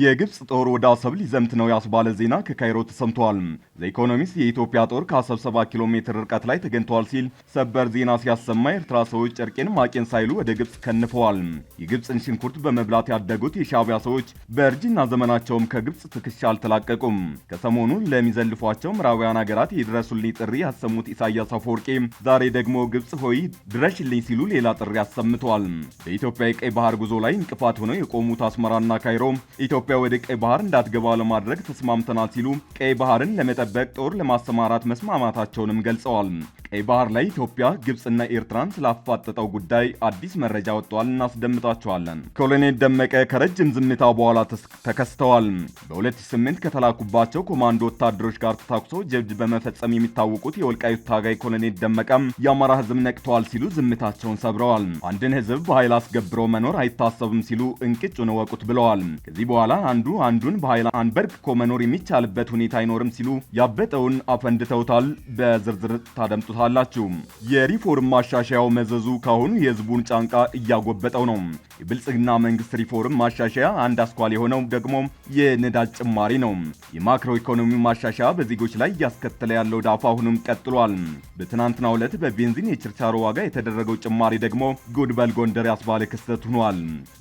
የግብፅ ጦር ወደ አሰብ ሊዘምት ነው ያስባለ ዜና ከካይሮ ተሰምቷል። ዘኢኮኖሚስት የኢትዮጵያ ጦር ከአሰብ 70 ኪሎ ሜትር ርቀት ላይ ተገኝተዋል ሲል ሰበር ዜና ሲያሰማ የኤርትራ ሰዎች ጨርቄን ማቄን ሳይሉ ወደ ግብፅ ከንፈዋል። የግብፅን ሽንኩርት በመብላት ያደጉት የሻቢያ ሰዎች በእርጅና ዘመናቸውም ከግብፅ ትከሻ አልተላቀቁም። ከሰሞኑ ለሚዘልፏቸው ምዕራባውያን ሀገራት የድረሱልኝ ጥሪ ያሰሙት ኢሳያስ አፈወርቄ ዛሬ ደግሞ ግብፅ ሆይ ድረሽልኝ ሲሉ ሌላ ጥሪ አሰምተዋል። በኢትዮጵያ የቀይ ባህር ጉዞ ላይ እንቅፋት ሆነው የቆሙት አስመራና ካይሮ ኢትዮጵያ ወደ ቀይ ባህር እንዳትገባ ለማድረግ ተስማምተናል ሲሉ ቀይ ባህርን ለመጠበቅ ጦር ለማሰማራት መስማማታቸውንም ገልጸዋል። ቀይ ባህር ላይ ኢትዮጵያ ግብፅና ኤርትራን ስላፋጠጠው ጉዳይ አዲስ መረጃ ወጥቷል። እናስደምጣቸዋለን። ኮሎኔል ደመቀ ከረጅም ዝምታ በኋላ ተከስተዋል። በ2008 ከተላኩባቸው ኮማንዶ ወታደሮች ጋር ተታኩሶ ጀብድ በመፈጸም የሚታወቁት የወልቃይት ታጋይ ኮሎኔል ደመቀም የአማራ ህዝብ ነቅተዋል ሲሉ ዝምታቸውን ሰብረዋል። አንድን ህዝብ በኃይል አስገብረው መኖር አይታሰብም ሲሉ እንቅጩን እወቁት ብለዋል። ከዚህ በኋላ አንዱ አንዱን በኃይል አንበርክኮ መኖር የሚቻልበት ሁኔታ አይኖርም ሲሉ ያበጠውን አፈንድተውታል። በዝርዝር ታደምጡታል። ታዩታላችሁ። የሪፎርም ማሻሻያው መዘዙ ካሁን የህዝቡን ጫንቃ እያጎበጠው ነው። የብልጽግና መንግስት ሪፎርም ማሻሻያ አንድ አስኳል የሆነው ደግሞ የነዳጅ ጭማሪ ነው። የማክሮ ኢኮኖሚ ማሻሻያ በዜጎች ላይ እያስከተለ ያለው ዳፋ አሁንም ቀጥሏል። በትናንትናው ዕለት በቤንዚን የችርቻሮ ዋጋ የተደረገው ጭማሪ ደግሞ ጉድበል ጎንደር ያስባለ ክስተት ሆኗል።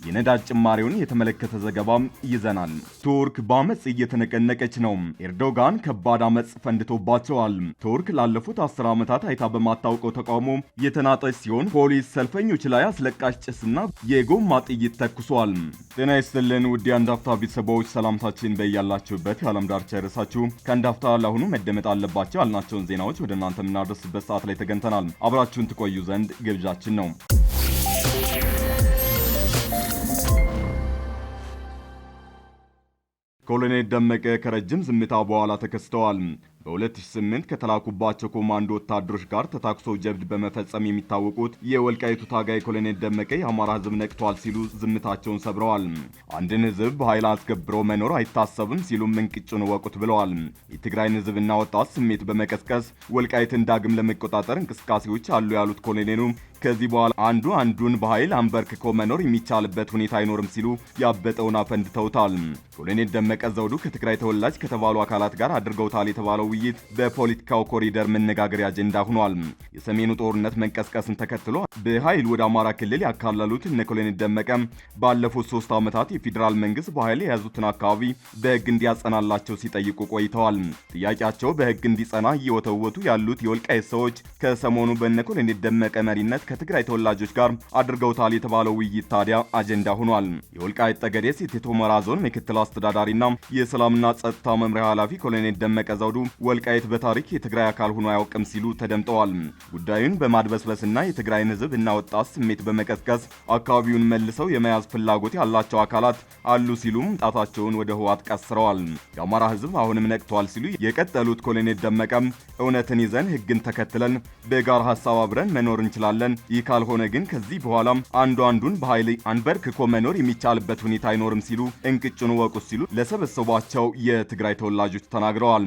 የነዳጅ ጭማሪውን የተመለከተ ዘገባም ይዘናል። ቱርክ በአመፅ እየተነቀነቀች ነው። ኤርዶጋን ከባድ አመፅ ፈንድቶባቸዋል። ቱርክ ላለፉት አስር ዓመታት ታይታ በማታውቀው ተቃውሞ የተናጠች ሲሆን ፖሊስ ሰልፈኞች ላይ አስለቃሽ ጭስና የጎማ ጥይት ተኩሷል። ጤና ይስጥልን ውድ የአንዳፍታ ቤተሰቦች ሰላምታችን በያላችሁበት የዓለም ዳርቻ ይድረሳችሁ። ከአንዳፍታ ለአሁኑ መደመጥ አለባቸው ያልናቸውን ዜናዎች ወደ እናንተ የምናደርስበት ሰዓት ላይ ተገኝተናል። አብራችሁን ትቆዩ ዘንድ ግብዣችን ነው። ኮሎኔል ደመቀ ከረጅም ዝምታ በኋላ ተከስተዋል። በ2008 ከተላኩባቸው ኮማንዶ ወታደሮች ጋር ተታክሶ ጀብድ በመፈጸም የሚታወቁት የወልቃይቱ ታጋይ ኮሎኔል ደመቀ የአማራ ህዝብ ነቅቷል ሲሉ ዝምታቸውን ሰብረዋል። አንድን ህዝብ በኃይል አስገብሮ መኖር አይታሰብም ሲሉም እንቅጩን ወቁት ብለዋል። የትግራይን ህዝብና ወጣት ስሜት በመቀስቀስ ወልቃይትን ዳግም ለመቆጣጠር እንቅስቃሴዎች አሉ ያሉት ኮሎኔሉ ከዚህ በኋላ አንዱ አንዱን በኃይል አንበርክኮ መኖር የሚቻልበት ሁኔታ አይኖርም ሲሉ ያበጠውን አፈንድተውታል። ኮሎኔል ደመቀ ዘውዱ ከትግራይ ተወላጅ ከተባሉ አካላት ጋር አድርገውታል የተባለው ውይይት በፖለቲካው ኮሪደር መነጋገሪያ አጀንዳ ሆኗል። የሰሜኑ ጦርነት መንቀስቀስን ተከትሎ በኃይል ወደ አማራ ክልል ያካለሉት እነ ኮሎኔል ባለፉት ሶስት ዓመታት የፌዴራል መንግስት በኃይል የያዙትን አካባቢ በህግ እንዲያጸናላቸው ሲጠይቁ ቆይተዋል። ጥያቄያቸው በህግ እንዲጸና እየወተወቱ ያሉት የወልቃይት ሰዎች ከሰሞኑ በነ ኮሎኔል ደመቀ መሪነት ከትግራይ ተወላጆች ጋር አድርገውታል የተባለው ውይይት ታዲያ አጀንዳ ሆኗል። የወልቃይት ጠገዴ ሰቲት ሁመራ ዞን ምክትል አስተዳዳሪና የሰላምና ጸጥታ መምሪያ ኃላፊ ኮሎኔል ደመቀ ዘውዱ ወልቃይት በታሪክ የትግራይ አካል ሆኖ አያውቅም ሲሉ ተደምጠዋል። ጉዳዩን በማድበስበስና የትግራይን ህዝብ እና ወጣት ስሜት በመቀስቀስ አካባቢውን መልሰው የመያዝ ፍላጎት ያላቸው አካላት አሉ ሲሉም ጣታቸውን ወደ ህዋት ቀስረዋል። የአማራ ሕዝብ አሁንም ነቅተዋል ሲሉ የቀጠሉት ኮሎኔል ደመቀም እውነትን ይዘን ሕግን ተከትለን በጋራ ሀሳብ አብረን መኖር እንችላለን ይህ ካልሆነ ግን ከዚህ በኋላም አንዱ አንዱን በኃይል አንበርክኮ መኖር የሚቻልበት ሁኔታ አይኖርም ሲሉ እንቅጩን ወቁት ሲሉ ለሰበሰቧቸው የትግራይ ተወላጆች ተናግረዋል።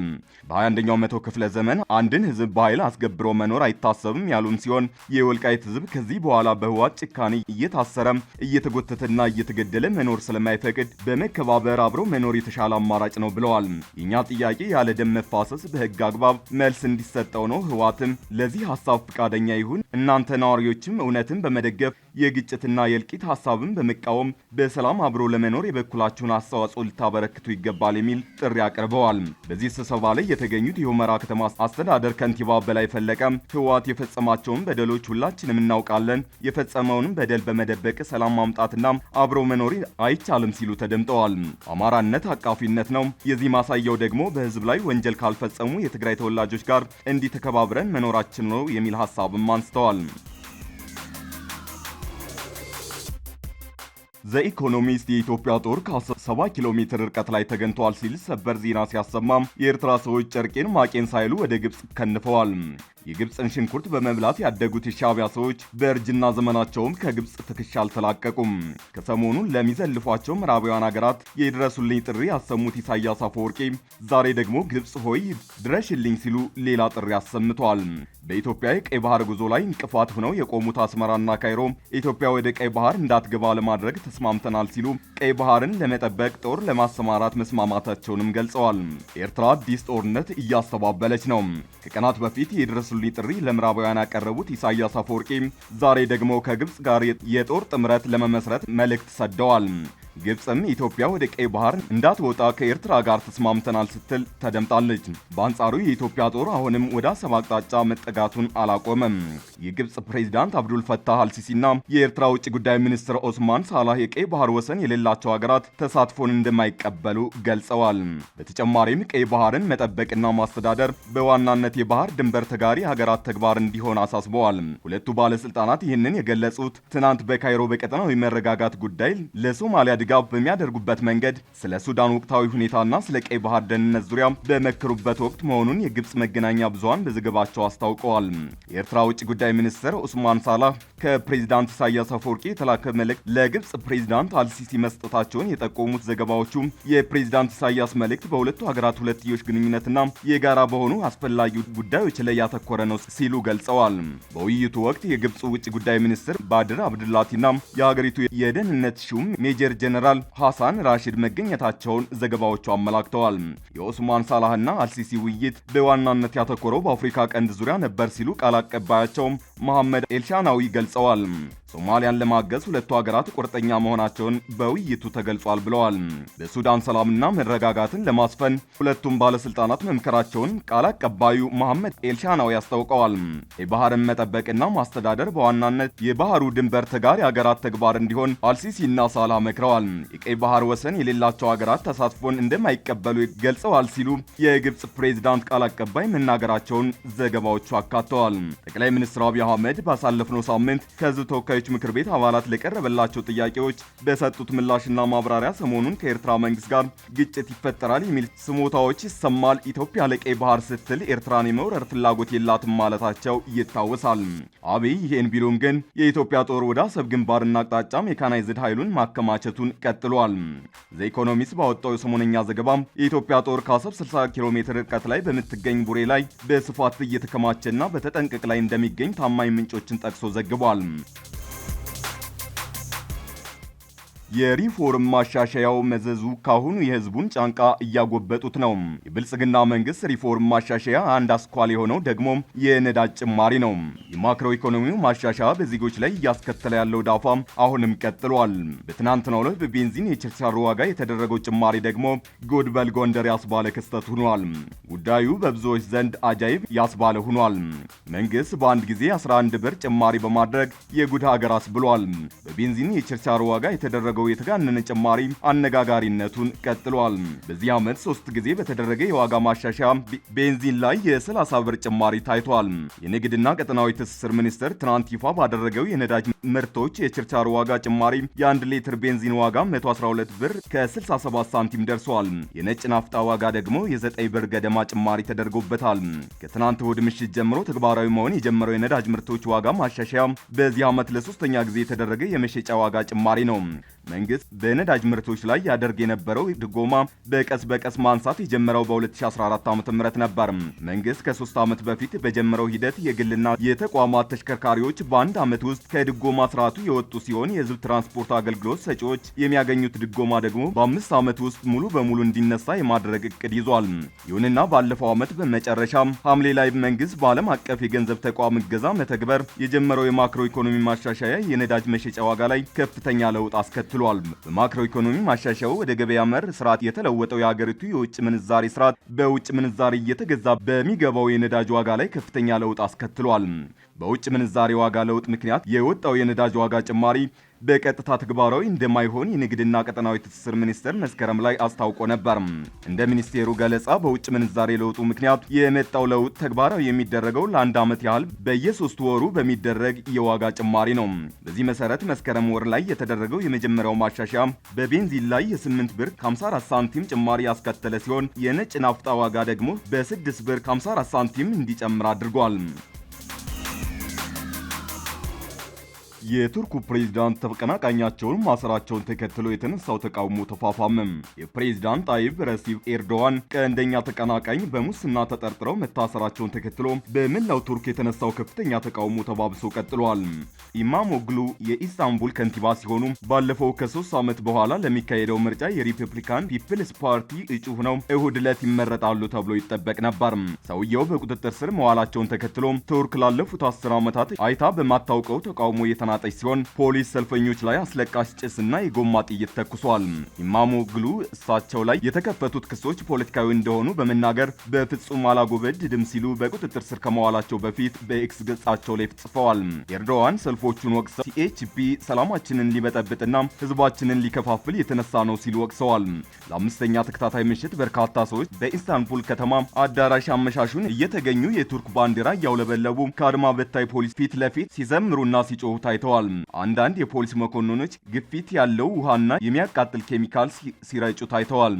በ21ኛው መቶ ክፍለ ዘመን አንድን ህዝብ በኃይል አስገብሮ መኖር አይታሰብም ያሉም ሲሆን የወልቃይት ህዝብ ከዚህ በኋላ በህዋት ጭካኔ እየታሰረም እየተጎተተና እየተገደለ መኖር ስለማይፈቅድ በመከባበር አብሮ መኖር የተሻለ አማራጭ ነው ብለዋል። የእኛ ጥያቄ ያለ ደም መፋሰስ በህግ አግባብ መልስ እንዲሰጠው ነው። ህዋትም ለዚህ ሀሳብ ፈቃደኛ ይሁን እናንተ ነዋሪ አካባቢዎችም እውነትን በመደገፍ የግጭትና የእልቂት ሀሳብን በመቃወም በሰላም አብሮ ለመኖር የበኩላችሁን አስተዋጽኦ ልታበረክቱ ይገባል የሚል ጥሪ አቅርበዋል። በዚህ ስብሰባ ላይ የተገኙት የሁመራ ከተማ አስተዳደር ከንቲባ በላይ ፈለቀ ህወሓት የፈጸማቸውን በደሎች ሁላችንም እናውቃለን፣ የፈጸመውንም በደል በመደበቅ ሰላም ማምጣትና አብሮ መኖር አይቻልም ሲሉ ተደምጠዋል። አማራነት አቃፊነት ነው። የዚህ ማሳያው ደግሞ በህዝብ ላይ ወንጀል ካልፈጸሙ የትግራይ ተወላጆች ጋር እንዲህ ተከባብረን መኖራችን ነው የሚል ሀሳብም አንስተዋል። The Economist i ኢትዮጵያ ጦር ከ10 ሰባ ኪሎ ሜትር ርቀት ላይ ተገኝተዋል ሲል ሰበር ዜና ሲያሰማም የኤርትራ ሰዎች ጨርቄን ማቄን ሳይሉ ወደ ግብፅ ከንፈዋል። የግብፅን ሽንኩርት በመብላት ያደጉት የሻቢያ ሰዎች በእርጅና ዘመናቸውም ከግብፅ ትከሻ አልተላቀቁም። ከሰሞኑን ለሚዘልፏቸው ምዕራባውያን ሀገራት የድረሱልኝ ጥሪ ያሰሙት ኢሳያስ አፈወርቂ ዛሬ ደግሞ ግብፅ ሆይ ድረሽልኝ ሲሉ ሌላ ጥሪ አሰምተዋል። በኢትዮጵያ የቀይ ባህር ጉዞ ላይ እንቅፋት ሆነው የቆሙት አስመራና ካይሮ ኢትዮጵያ ወደ ቀይ ባህር እንዳትገባ ለማድረግ ተስማምተናል ሲሉ ቀይ ባህርን ለመጠበቅ ለመጠበቅ ጦር ለማሰማራት መስማማታቸውንም ገልጸዋል። ኤርትራ አዲስ ጦርነት እያስተባበለች ነው። ከቀናት በፊት የድረሱልኝ ጥሪ ለምዕራባውያን ያቀረቡት ኢሳያስ አፈወርቂ ዛሬ ደግሞ ከግብፅ ጋር የጦር ጥምረት ለመመስረት መልእክት ሰደዋል። ግብፅም ኢትዮጵያ ወደ ቀይ ባህር እንዳትወጣ ከኤርትራ ጋር ተስማምተናል ስትል ተደምጣለች። በአንጻሩ የኢትዮጵያ ጦር አሁንም ወደ አሰብ አቅጣጫ መጠጋቱን አላቆመም። የግብፅ ፕሬዚዳንት አብዱል ፈታህ አልሲሲና የኤርትራ ውጭ ጉዳይ ሚኒስትር ኦስማን ሳላህ የቀይ ባህር ወሰን የሌላቸው ሀገራት ተሳትፎን እንደማይቀበሉ ገልጸዋል። በተጨማሪም ቀይ ባህርን መጠበቅና ማስተዳደር በዋናነት የባህር ድንበር ተጋሪ ሀገራት ተግባር እንዲሆን አሳስበዋል። ሁለቱ ባለስልጣናት ይህንን የገለጹት ትናንት በካይሮ በቀጠናዊ መረጋጋት ጉዳይ ለሶማሊያ ድጋፍ በሚያደርጉበት መንገድ ስለ ሱዳን ወቅታዊ ሁኔታና ስለ ቀይ ባህር ደህንነት ዙሪያ በመክሩበት ወቅት መሆኑን የግብፅ መገናኛ ብዙሃን በዘገባቸው አስታውቀዋል። የኤርትራ ውጭ ጉዳይ ሚኒስትር ኡስማን ሳላህ ከፕሬዚዳንት ኢሳያስ አፈወርቂ የተላከ መልእክት ለግብፅ ፕሬዚዳንት አልሲሲ መስጠታቸውን የጠቆሙት ዘገባዎቹ የፕሬዚዳንት ኢሳያስ መልእክት በሁለቱ ሀገራት ሁለትዮሽ ግንኙነትና የጋራ በሆኑ አስፈላጊ ጉዳዮች ላይ ያተኮረ ነው ሲሉ ገልጸዋል። በውይይቱ ወቅት የግብፅ ውጭ ጉዳይ ሚኒስትር ባድር አብድላቲና የሀገሪቱ የደህንነት ሹም ሜጀር ጀነራል ጀነራል ሐሳን ራሺድ መገኘታቸውን ዘገባዎቹ አመላክተዋል። የኦስማን ሳላህና አልሲሲ ውይይት በዋናነት ያተኮረው በአፍሪካ ቀንድ ዙሪያ ነበር ሲሉ ቃል አቀባያቸው መሐመድ ኤልሻናዊ ገልጸዋል። ሶማሊያን ለማገዝ ሁለቱ ሀገራት ቁርጠኛ መሆናቸውን በውይይቱ ተገልጿል ብለዋል። በሱዳን ሰላምና መረጋጋትን ለማስፈን ሁለቱም ባለስልጣናት መምከራቸውን ቃል አቀባዩ መሐመድ ኤልሻናዊ አስታውቀዋል። የባህርን መጠበቅና ማስተዳደር በዋናነት የባህሩ ድንበር ተጋሪ ሀገራት ተግባር እንዲሆን አልሲሲና ሳላ መክረዋል። የቀይ ባህር ወሰን የሌላቸው ሀገራት ተሳትፎን እንደማይቀበሉ ገልጸዋል ሲሉ የግብፅ ፕሬዚዳንት ቃል አቀባይ መናገራቸውን ዘገባዎቹ አካተዋል። ጠቅላይ ሚኒስትር አብይ አህመድ ባሳለፍነው ሳምንት ከህዝብ ተወካዮች ጉዳዮች ምክር ቤት አባላት ለቀረበላቸው ጥያቄዎች በሰጡት ምላሽና ማብራሪያ ሰሞኑን ከኤርትራ መንግስት ጋር ግጭት ይፈጠራል የሚል ስሞታዎች ይሰማል። ኢትዮጵያ ለቀይ ባህር ስትል ኤርትራን የመውረር ፍላጎት የላትም ማለታቸው ይታወሳል። አብይ ይህን ቢሉም ግን የኢትዮጵያ ጦር ወደ አሰብ ግንባርና አቅጣጫ ሜካናይዝድ ኃይሉን ማከማቸቱን ቀጥሏል። ዘ ኢኮኖሚስት ባወጣው የሰሞነኛ ዘገባ የኢትዮጵያ ጦር ከአሰብ 60 ኪሎ ሜትር ርቀት ላይ በምትገኝ ቡሬ ላይ በስፋት እየተከማቸና በተጠንቀቅ ላይ እንደሚገኝ ታማኝ ምንጮችን ጠቅሶ ዘግቧል። የሪፎርም ማሻሻያው መዘዙ ካሁኑ የህዝቡን ጫንቃ እያጎበጡት ነው። የብልጽግና መንግስት ሪፎርም ማሻሻያ አንድ አስኳል የሆነው ደግሞ የነዳጅ ጭማሪ ነው። የማክሮ ኢኮኖሚው ማሻሻያ በዜጎች ላይ እያስከተለ ያለው ዳፋ አሁንም ቀጥሏል። በትናንትናው ዕለት በቤንዚን የችርቻሮ ዋጋ የተደረገው ጭማሪ ደግሞ ጎድበል ጎንደር ያስባለ ክስተት ሆኗል። ጉዳዩ በብዙዎች ዘንድ አጃይብ ያስባለ ሆኗል። መንግስት በአንድ ጊዜ 11 ብር ጭማሪ በማድረግ የጉድ ሀገር አስብሏል። በቤንዚን የችርቻሮ ዋጋ የተደረገው የተጋነነ ጭማሪ አነጋጋሪነቱን ቀጥሏል። በዚህ ዓመት ሶስት ጊዜ በተደረገ የዋጋ ማሻሻያ ቤንዚን ላይ የ30 ብር ጭማሪ ታይቷል። የንግድና ቀጠናዊ ትስስር ሚኒስቴር ትናንት ይፋ ባደረገው የነዳጅ ምርቶች የችርቻሩ ዋጋ ጭማሪ የአንድ ሊትር ቤንዚን ዋጋ 112 ብር ከ67 ሳንቲም ደርሷል። የነጭ ናፍጣ ዋጋ ደግሞ የ9 ብር ገደማ ጭማሪ ተደርጎበታል። ከትናንት እሁድ ምሽት ጀምሮ ተግባራዊ መሆን የጀመረው የነዳጅ ምርቶች ዋጋ ማሻሻያ በዚህ ዓመት ለሶስተኛ ጊዜ የተደረገ የመሸጫ ዋጋ ጭማሪ ነው። መንግስት በነዳጅ ምርቶች ላይ ያደርግ የነበረው ድጎማ በቀስ በቀስ ማንሳት የጀመረው በ2014 ዓ ም ነበር። መንግስት ከሶስት ዓመት በፊት በጀመረው ሂደት የግልና የተቋማት ተሽከርካሪዎች በአንድ ዓመት ውስጥ ከድጎማ ስርዓቱ የወጡ ሲሆን የህዝብ ትራንስፖርት አገልግሎት ሰጪዎች የሚያገኙት ድጎማ ደግሞ በአምስት ዓመት ውስጥ ሙሉ በሙሉ እንዲነሳ የማድረግ እቅድ ይዟል። ይሁንና ባለፈው ዓመት በመጨረሻ ሐምሌ ላይ መንግስት በዓለም አቀፍ የገንዘብ ተቋም እገዛ መተግበር የጀመረው የማክሮ ኢኮኖሚ ማሻሻያ የነዳጅ መሸጫ ዋጋ ላይ ከፍተኛ ለውጥ አስከትሏል። ችሏል። በማክሮ ኢኮኖሚ ማሻሻው ወደ ገበያ መር ስርዓት የተለወጠው የሀገሪቱ የውጭ ምንዛሬ ስርዓት በውጭ ምንዛሬ እየተገዛ በሚገባው የነዳጅ ዋጋ ላይ ከፍተኛ ለውጥ አስከትሏል። በውጭ ምንዛሬ ዋጋ ለውጥ ምክንያት የወጣው የነዳጅ ዋጋ ጭማሪ በቀጥታ ተግባራዊ እንደማይሆን የንግድና ቀጠናዊ ትስስር ሚኒስቴር መስከረም ላይ አስታውቆ ነበር። እንደ ሚኒስቴሩ ገለጻ በውጭ ምንዛሬ ለውጡ ምክንያት የመጣው ለውጥ ተግባራዊ የሚደረገው ለአንድ ዓመት ያህል በየሶስት ወሩ በሚደረግ የዋጋ ጭማሪ ነው። በዚህ መሰረት መስከረም ወር ላይ የተደረገው የመጀመሪያው ማሻሻያ በቤንዚን ላይ የ8 ብር 54 ሳንቲም ጭማሪ ያስከተለ ሲሆን የነጭ ናፍጣ ዋጋ ደግሞ በ6 ብር 54 ሳንቲም እንዲጨምር አድርጓል። የቱርኩ ፕሬዚዳንት ተቀናቃኛቸውን ማሰራቸውን ተከትሎ የተነሳው ተቃውሞ ተፋፋመም። የፕሬዚዳንት ጣይብ ረሲብ ኤርዶዋን ቀንደኛ ተቀናቃኝ በሙስና ተጠርጥረው መታሰራቸውን ተከትሎ በመላው ቱርክ የተነሳው ከፍተኛ ተቃውሞ ተባብሶ ቀጥሏል። ኢማሞግሉ የኢስታንቡል ከንቲባ ሲሆኑ ባለፈው ከሶስት ዓመት በኋላ ለሚካሄደው ምርጫ የሪፐብሊካን ፒፕልስ ፓርቲ እጩ ሆነው እሁድ ዕለት ይመረጣሉ ተብሎ ይጠበቅ ነበር። ሰውየው በቁጥጥር ስር መዋላቸውን ተከትሎ ቱርክ ላለፉት አስር ዓመታት አይታ በማታውቀው ተቃውሞ የተናል የተሰናጠች ሲሆን ፖሊስ ሰልፈኞች ላይ አስለቃሽ ጭስ እና የጎማ ጥይት ተኩሷል። ኢማሙ ግሉ እሳቸው ላይ የተከፈቱት ክሶች ፖለቲካዊ እንደሆኑ በመናገር በፍጹም አላጎበድድም ሲሉ በቁጥጥር ስር ከመዋላቸው በፊት በኤክስ ገጻቸው ላይ ጽፈዋል። ኤርዶዋን ሰልፎቹን ወቅሰው ሲኤችፒ ሰላማችንን ሊበጠብጥና ህዝባችንን ሊከፋፍል የተነሳ ነው ሲሉ ወቅሰዋል። ለአምስተኛ ተከታታይ ምሽት በርካታ ሰዎች በኢስታንቡል ከተማ አዳራሽ አመሻሹን እየተገኙ የቱርክ ባንዲራ እያውለበለቡ ከአድማ በታይ ፖሊስ ፊት ለፊት ሲዘምሩና ሲጮሁ ታይተዋል። አሳይተዋል። አንዳንድ የፖሊስ መኮንኖች ግፊት ያለው ውሃና የሚያቃጥል ኬሚካል ሲረጩ ታይተዋል።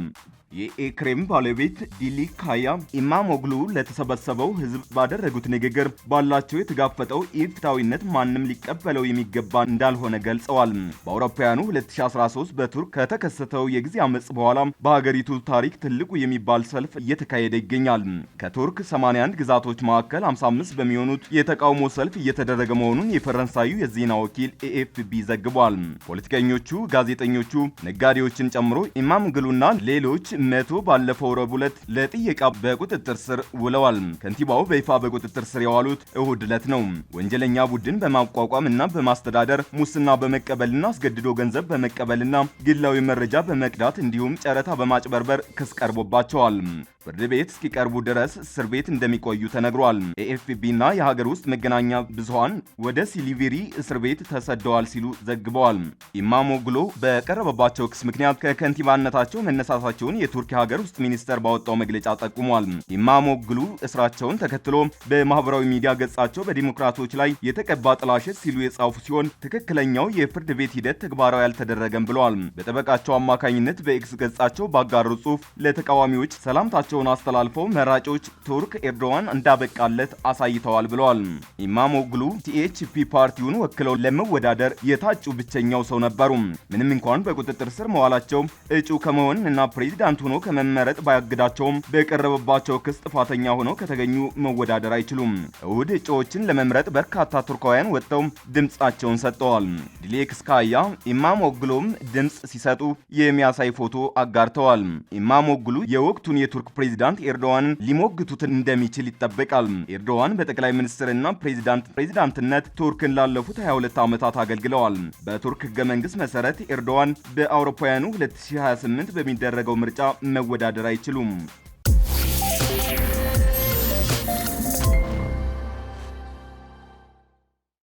የኤክሬም ባለቤት ዲሊክ ካያ ኢማሞግሉ ለተሰበሰበው ሕዝብ ባደረጉት ንግግር ባላቸው የተጋፈጠው ኢፍታዊነት ማንም ሊቀበለው የሚገባ እንዳልሆነ ገልጸዋል። በአውሮፓውያኑ 2013 በቱርክ ከተከሰተው የጊዜ አመፅ በኋላ በሀገሪቱ ታሪክ ትልቁ የሚባል ሰልፍ እየተካሄደ ይገኛል። ከቱርክ 81 ግዛቶች መካከል 55 በሚሆኑት የተቃውሞ ሰልፍ እየተደረገ መሆኑን የፈረንሳዩ የዜና ወኪል ኤኤፍቢ ዘግቧል። ፖለቲከኞቹ፣ ጋዜጠኞቹ፣ ነጋዴዎችን ጨምሮ ኢማሞግሉና ሌሎች መቶ ባለፈው ረቡዕ ዕለት ለጥየቃ በቁጥጥር ስር ውለዋል። ከንቲባው በይፋ በቁጥጥር ስር የዋሉት እሁድ ዕለት ነው። ወንጀለኛ ቡድን በማቋቋም እና በማስተዳደር ሙስና በመቀበልና አስገድዶ ገንዘብ በመቀበልና ግላዊ መረጃ በመቅዳት እንዲሁም ጨረታ በማጭበርበር ክስ ቀርቦባቸዋል። ፍርድ ቤት እስኪቀርቡ ድረስ እስር ቤት እንደሚቆዩ ተነግሯል። ኤኤፍፒ እና የሀገር ውስጥ መገናኛ ብዙሃን ወደ ሲሊቪሪ እስር ቤት ተሰደዋል ሲሉ ዘግበዋል። ኢማሞግሎ በቀረበባቸው ክስ ምክንያት ከከንቲባነታቸው መነሳታቸውን የቱርኪ ሀገር ውስጥ ሚኒስተር ባወጣው መግለጫ ጠቁሟል። ኢማሞግሉ እስራቸውን ተከትሎ በማህበራዊ ሚዲያ ገጻቸው በዲሞክራቶች ላይ የተቀባ ጥላሸት ሲሉ የጻፉ ሲሆን ትክክለኛው የፍርድ ቤት ሂደት ተግባራዊ አልተደረገም ብለዋል። በጠበቃቸው አማካኝነት በኤክስ ገጻቸው ባጋሩ ጽሑፍ ለተቃዋሚዎች ሰላምታቸውን አስተላልፈው መራጮች ቱርክ ኤርዶዋን እንዳበቃለት አሳይተዋል ብለዋል። ኢማሞግሉ ቲኤችፒ ፓርቲውን ወክለው ለመወዳደር የታጩ ብቸኛው ሰው ነበሩ። ምንም እንኳን በቁጥጥር ስር መዋላቸው እጩ ከመሆን እና ፕሬዚዳንት ፕሬዝዳንት ሆኖ ከመመረጥ ባያግዳቸውም በቀረበባቸው ክስ ጥፋተኛ ሆነው ከተገኙ መወዳደር አይችሉም። እሁድ እጩዎችን ለመምረጥ በርካታ ቱርካውያን ወጥተው ድምጻቸውን ሰጥተዋል። ዲሌክ ኢማም ኢማሞግሎም ድምጽ ሲሰጡ የሚያሳይ ፎቶ አጋርተዋል። ኢማሞግሉ የወቅቱን የቱርክ ፕሬዝዳንት ኤርዶዋንን ሊሞግቱት እንደሚችል ይጠበቃል። ኤርዶዋን በጠቅላይ ሚኒስትርና ፕሬዝዳንት ፕሬዝዳንትነት ቱርክን ላለፉት 22 ዓመታት አገልግለዋል። በቱርክ ህገ መንግስት መሰረት ኤርዶዋን በአውሮፓውያኑ 2028 በሚደረገው ምርጫ መወዳደር አይችሉም።